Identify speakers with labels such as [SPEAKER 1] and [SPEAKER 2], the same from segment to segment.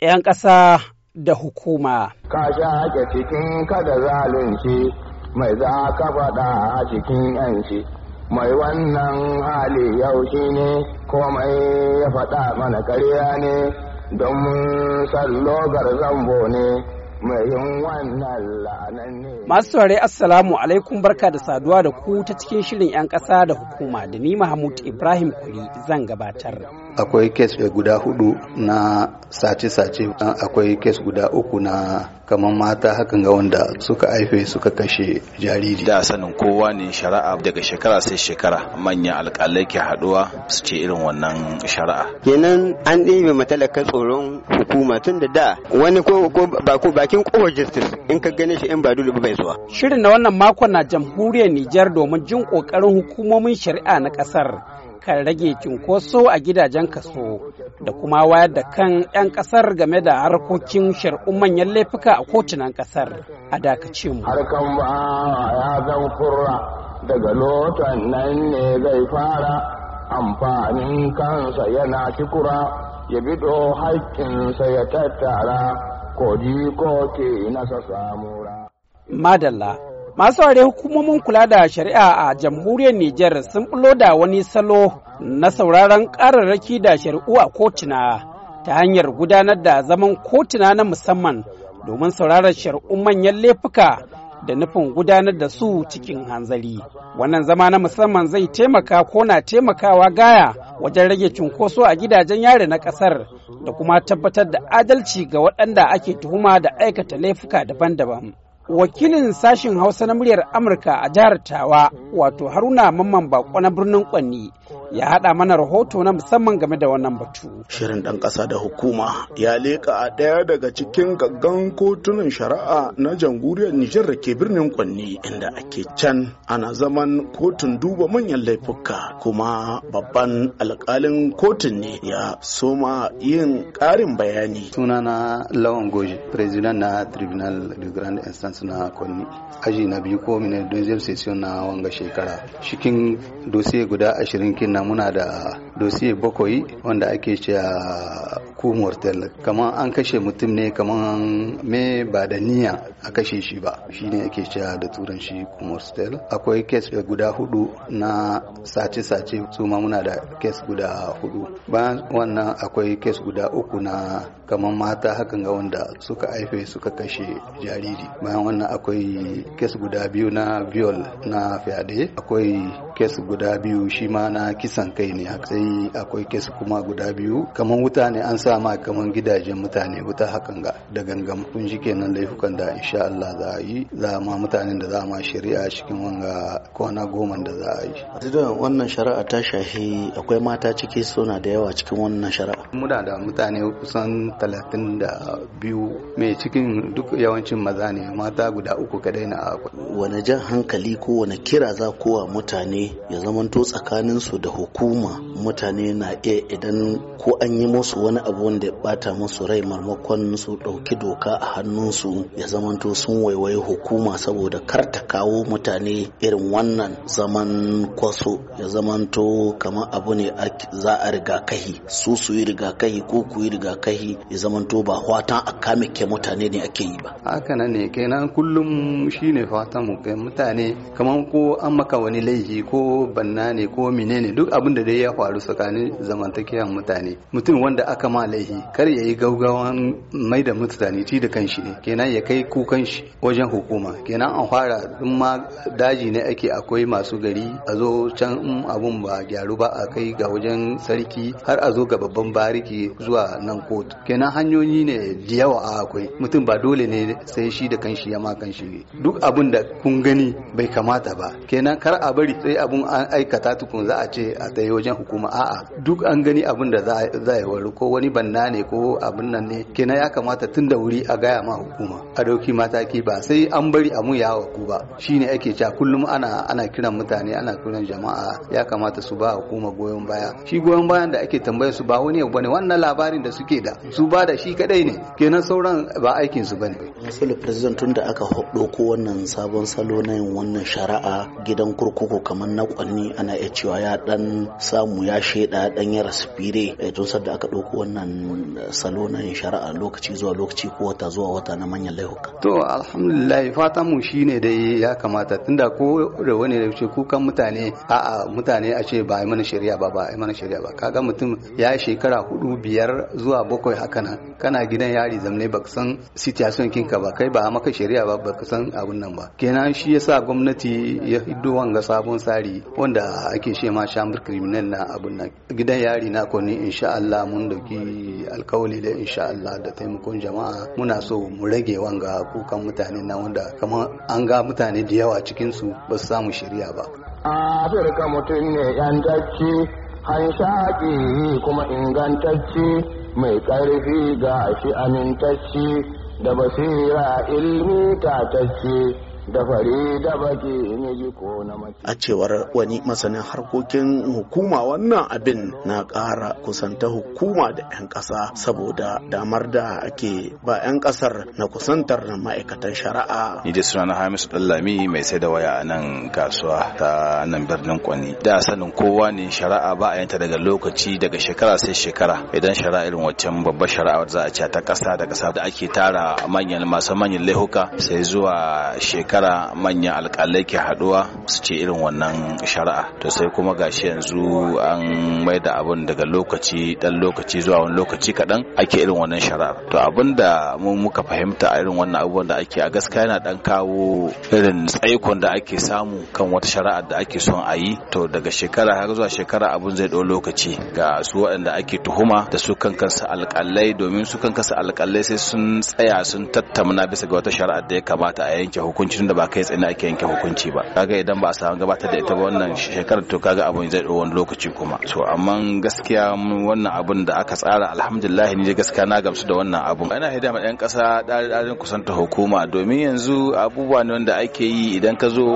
[SPEAKER 1] 'yan ƙasa
[SPEAKER 2] da hukuma.
[SPEAKER 1] Ka sha ake cikin kada zalunci mai za ka faɗa a cikin yanci mai wannan hali yau shi ne komai ya faɗa mana karya ne don mun sallogar zambo ne.
[SPEAKER 2] Masu saurari Assalamu alaikum barka da saduwa da ku ta cikin shirin 'yan ƙasa da hukuma da ni Mahmud Ibrahim Kuri zan gabatar.
[SPEAKER 3] akwai kes guda hudu na sace-sace akwai kes guda uku na kamar mata hakan ga wanda suka haife suka
[SPEAKER 4] kashe jariri da sanin kowa ne shari'a daga shekara sai shekara manyan alƙalai ke haduwa su ce irin wannan shari'a
[SPEAKER 5] kenan an ɗebe matalakar tsoron hukuma tun da da wani ko bako bakin kowar justice in ka gane shi in ba dole bai zuwa
[SPEAKER 4] shirin
[SPEAKER 2] na wannan makon na jamhuriyar Nijar domin jin kokarin hukumomin shari'a na kasar kan rage cunkoso a gidajen kaso da kuma wayar da kan 'yan kasar game da harkokin shari'un manyan laifuka a kotunan kasar a dakace mu.
[SPEAKER 1] Harkan ba ya zan kurra daga lotan nan ne zai fara amfanin kansa yana kikura ya bido haƙƙinsa ya tattara ko ke nasa samura.
[SPEAKER 2] Madalla. Masu ware hukumomin kula da shari'a a jamhuriyar Nijar sun bulo da wani salo na sauraron kararraki da shari'u a kotuna ta hanyar gudanar da zaman kotuna na musamman domin sauraron shari'un manyan laifuka da nufin gudanar da su cikin hanzari. Wannan zama na musamman zai taimaka ko na taimakawa gaya wajen rage cunkoso a gidajen yare na ƙasar da kuma tabbatar da adalci ga waɗanda ake tuhuma da aikata laifuka daban-daban. wakilin sashen hausa na muryar amurka a jihar tawa wato haruna mamman bako na birnin kwanni ya hada mana rahoto na musamman game da wannan batu. Shirin ɗan ƙasa da hukuma
[SPEAKER 6] ya leƙa a daya daga cikin gaggan kotunan shari'a na jamhuriyar Nijar da ke birnin Kwanni inda ake can ana zaman kotun duba manyan laifuka kuma
[SPEAKER 3] babban alƙalin kotun ne ya soma yin ƙarin bayani. Sunana Lawan Goji, President na Tribunal de Grand Instance na Kwanni, aji na biyu ko Minidon Session na wanga shekara. Cikin dosiye guda ashirin kina muna da dosiye bakwai wanda ake ce a kumortel kamar an kashe mutum ne kamar me ba da niyya a kashe shi ba shi ne ake ce da turanci ku akwai kes guda hudu na sace-sace su ma muna da kes guda hudu bayan wannan akwai kes guda uku na kamar mata hakan ga wanda suka haife suka kashe jariri bayan wannan akwai kes guda biyu na viol na fyaɗe akwai kes guda biyu shi ma na kisan kai ne sai akwai akwai kes kuma guda biyu kamar wuta ne an sa ma kamar gidajen mutane wuta hakan ga da gangan kun ji kenan laifukan da insha Allah za a yi za ma mutanen da za ma shari'a cikin wanga kwana goma da za a yi. wannan shari'a ta shahi akwai mata ciki suna da yawa cikin wannan shari'a. Muna da mutane kusan talatin da biyu mai cikin duk yawancin maza ne mata guda uku kadai na akwai. Wane jan hankali ko wani kira za kowa mutane ya zamanto tsakaninsu da hukuma
[SPEAKER 6] mutane na iya idan ko an yi musu wani abu wanda ya bata musu rai marmakon su ɗauki doka a hannunsu ya zamanto sun waiwayi hukuma saboda kar ta kawo mutane irin wannan zaman kwaso ya zamanto kamar abu ne za a rigakahi su su yi rigakahi ko ku yi rigakahi ya zamanto ba
[SPEAKER 3] fatan a kame ke mutane ne ake yi ba haka nan ne kenan kullum shine fatan mu kai mutane kamar ko an maka wani laifi ko banna ne ko menene duk abin da dai ya faru tsakanin zamantakiyar mutane mutum wanda aka ma laihi kar ya yi gaugawan mai da mutane ti da kanshi ne kenan ya kai kukan shi wajen hukuma kenan an fara in ma daji ne ake akwai masu gari a zo can abun ba gyaru ba a kai ga wajen sarki har a zo ga babban bariki zuwa nan kotu kenan hanyoyi ne da yawa a akwai mutum ba dole ne sai shi da kanshi ya ma kanshi ne duk abun da kun gani bai kamata ba kenan kar a bari sai abun an aikata tukun za a ce a tsaye wajen hukuma a'a duk an gani abin da za a wari ko wani banna ne ko abin nan ne kenan ya kamata tun da wuri a gaya ma hukuma a dauki mataki ba sai an bari a mun ya ku ba shine ake cewa kullum ana ana kiran mutane ana kiran jama'a ya kamata su ba hukuma goyon baya shi goyon bayan da ake tambayar su ba wani abu bane wannan labarin da suke da su ba da shi kadai ne kenan sauran ba aikin su bane sai president tun da aka ko wannan sabon salo
[SPEAKER 6] na yin wannan shari'a gidan kurkuku kamar na kwanni ana iya cewa ya dan samu ya kashe da danyar sufire eh, tun da aka ɗauko wannan eh, salo na shari'a lokaci zuwa lokaci ko wata zuwa wata na manyan laifuka.
[SPEAKER 3] To alhamdulillah fatan mu shine da ya kamata tunda ko da wani da ce kukan mutane a'a mutane a ce ba a yi mana shari'a ba ba a yi mana shari'a ba kaga mutum ya shekara hudu biyar zuwa bakwai hakanan kana gidan yari zamne baka san situation kinka ba kai ba maka shari'a ba baka san abun nan ba kenan shi yasa gwamnati ya hiddo wanga sabon tsari wanda ake shema shamar criminal na abu kunna gidan yari na ko ni insha Allah mun dauki alkawali da insha Allah da taimakon jama'a muna so mu rage wanga kukan mutane na wanda kamar an ga mutane da yawa cikin su ba su samu shirya ba
[SPEAKER 1] a Afirka mutum ne yan yantacce hanshaki kuma ingantacce mai karfi ga shi amintacce da basira ilmi tatacce
[SPEAKER 6] A cewar wani masanin harkokin hukuma wannan abin na ƙara kusanta hukuma da 'yan ƙasa saboda damar da ake ba 'yan ƙasar na kusantar ma'aikatan shari'a.
[SPEAKER 4] Ni da suna Hamisu Dallami mai sai da waya a nan kasuwa ta nan birnin Kwani. Da sanin kowa ne shari'a ba a yanta daga lokaci daga shekara sai shekara idan shari'a irin waccan babbar shari'a za a ce ta ƙasa da ƙasa da ake tara manyan masu manyan laihuka sai zuwa shekara shekara manyan alkalai ke haduwa su ce irin wannan shari'a to sai kuma gashi yanzu an mai da abin daga lokaci dan lokaci zuwa wani lokaci kaɗan ake irin wannan shari'a to abin da mu muka fahimta a irin wannan abubuwan da ake a gaskiya yana dan kawo irin tsaikon da ake samu kan wata shari'a da ake son a yi to daga shekara har zuwa shekara abun zai dau lokaci ga su waɗanda ake tuhuma da su kan kansu alƙalai domin su kan kansu alƙalai sai sun tsaya sun tattamna bisa ga wata shari'a da ya kamata a yanke hukunci lokacin da ba kai tsaye ake yanke hukunci ba kaga idan ba a samu gabatar da ita ba wannan shekarar to kaga abun zai ɗau wani lokaci kuma to amma gaskiya wannan abun da aka tsara alhamdulillah ni gaskiya na gamsu da wannan abun ana hidima ɗan ƙasa ɗari-ɗarin kusanta hukuma domin yanzu abubuwa ne wanda ake yi idan ka zo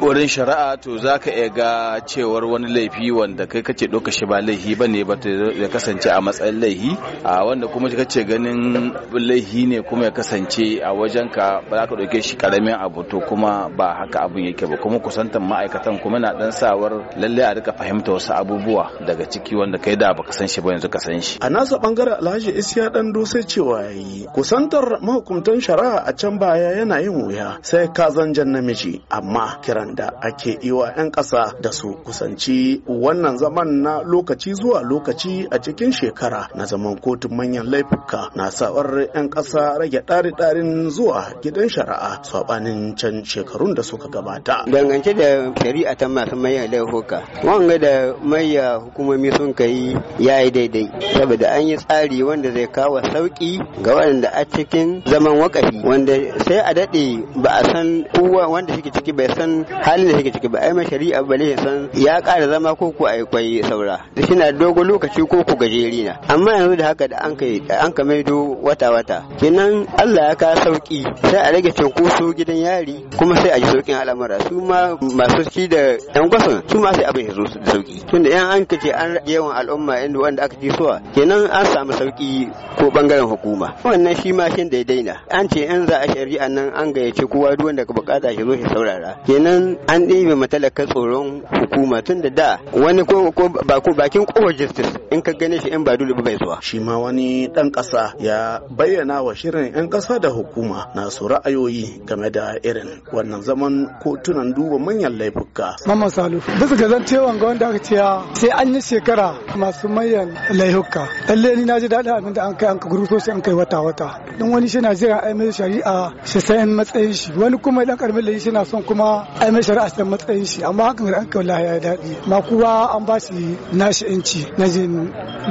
[SPEAKER 4] wurin shari'a to za ka iya ga cewar wani laifi wanda kai kace ɗauka shi ba laifi ba ne ba ya kasance a matsayin laifi a wanda kuma kace ganin laifi ne kuma ya kasance a wajen ka ba za ka ɗauke shi ƙaramin abu to kuma ba haka abin yake ba kuma kusantan ma'aikatan kuma na dan sawar lalle a rika fahimta wasu abubuwa daga ciki wanda kai da baka san shi ba yanzu ka san shi a
[SPEAKER 6] nasa bangaren alhaji isiya dan dose cewa yayi kusantar mahukuntan shari'a a can baya yana yin wuya sai ka zanjan namiji amma kiran da ake yi wa 'yan ƙasa da su kusanci wannan zaman na lokaci zuwa lokaci a cikin shekara na zaman kotun manyan laifuka na sawar 'yan ƙasa rage ɗari-ɗarin zuwa gidan shari'a saɓanin wancan shekarun da suka
[SPEAKER 5] gabata. Dangance da shari'a ta masu maya laifuka, wanga da maya hukumomi sun kai ya yi daidai, saboda an yi tsari wanda zai kawo sauki ga waɗanda a cikin zaman wakafi wanda sai a daɗe ba a san kowa wanda suke ciki bai san halin da suke ciki ba ai ma shari'a ba ne san ya ƙara zama ko ku ai kwai saura na dogon lokaci ko ku gajeri na amma yanzu da haka da an ka maido wata wata kenan Allah ya ka sauki sai a rage cinkoso gidan yari hankali kuma sai a ji sauƙin al'amura su ma masu ci da yan gwasan su ma sai abin ya zo da sauƙi tunda yan an kace an yawan al'umma inda wanda aka ji suwa kenan an samu sauƙi ko bangaren hukuma wannan shi ma shin da ya daina an ce yan za a shari'a nan an gayyace kowa duk wanda ka bukata shi zo shi saurara kenan an ɗebe matalaka tsoron hukuma tunda da wani ko ba ko bakin kowa justice in ka gane shi in ba dole bai zuwa shi ma wani dan ƙasa ya bayyana
[SPEAKER 6] wa shirin yan ƙasa da hukuma na su ra'ayoyi game da irin irin wannan zaman kotunan duba manyan laifuka. Mama Salu, bisa zan ce wanga wanda aka ce sai an yi shekara masu manyan laifuka. Lalle ni na ji daɗin abin da an kai an kaguru sosai an kai wata-wata. Don wani shi na jira ai mai shari'a shi sai matsayin shi. Wani kuma idan karamin laifi shi na son kuma ai mai shari'a sai matsayin shi. Amma hakan da an kai wallahi ya daɗi. Ma kuwa an ba shi nashi inci na jin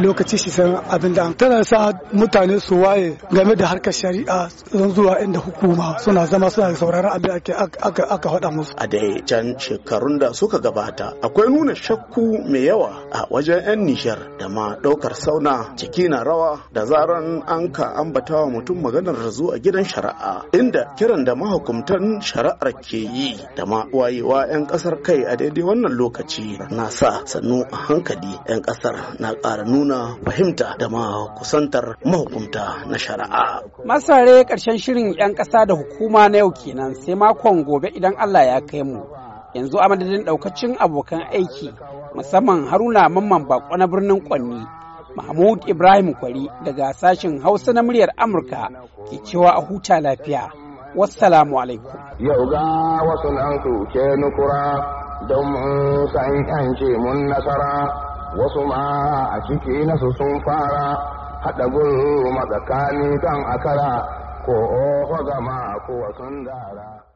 [SPEAKER 6] lokaci shi san abin da an. Tana sa mutane su waye game da harkar shari'a zan zuwa inda hukuma suna zama suna sauraron abin aka faɗa musu. A dai can shekarun da suka gabata akwai nuna shakku mai yawa a wajen 'yan Nijar da ma ɗaukar sauna ciki na rawa da zaran an ka ambata wa mutum maganar zuwa gidan shari'a inda kiran da mahukumtan shari'ar ke yi da ma wayewa 'yan ƙasar kai a daidai wannan lokaci na sa sannu a hankali 'yan ƙasar na ƙara nuna fahimta da ma kusantar mahukumta na shari'a.
[SPEAKER 2] Masare ƙarshen shirin 'yan ƙasa da hukuma na yau kenan sai makon gobe idan Allah ya kai mu. Yanzu a madadin ɗaukacin abokan aiki musamman Haruna Mamman Bako na birnin Kwanni, Mahmud Ibrahim Kwari daga sashen Hausa na muryar Amurka ke cewa a huta lafiya. Wassalamu alaikum.
[SPEAKER 1] Yau ga wasu nan ke nukura don mun san yance mun nasara wasu ma a ciki nasu sun fara haɗa gulu matsakani kan akara ko ga gama ko wasan dara.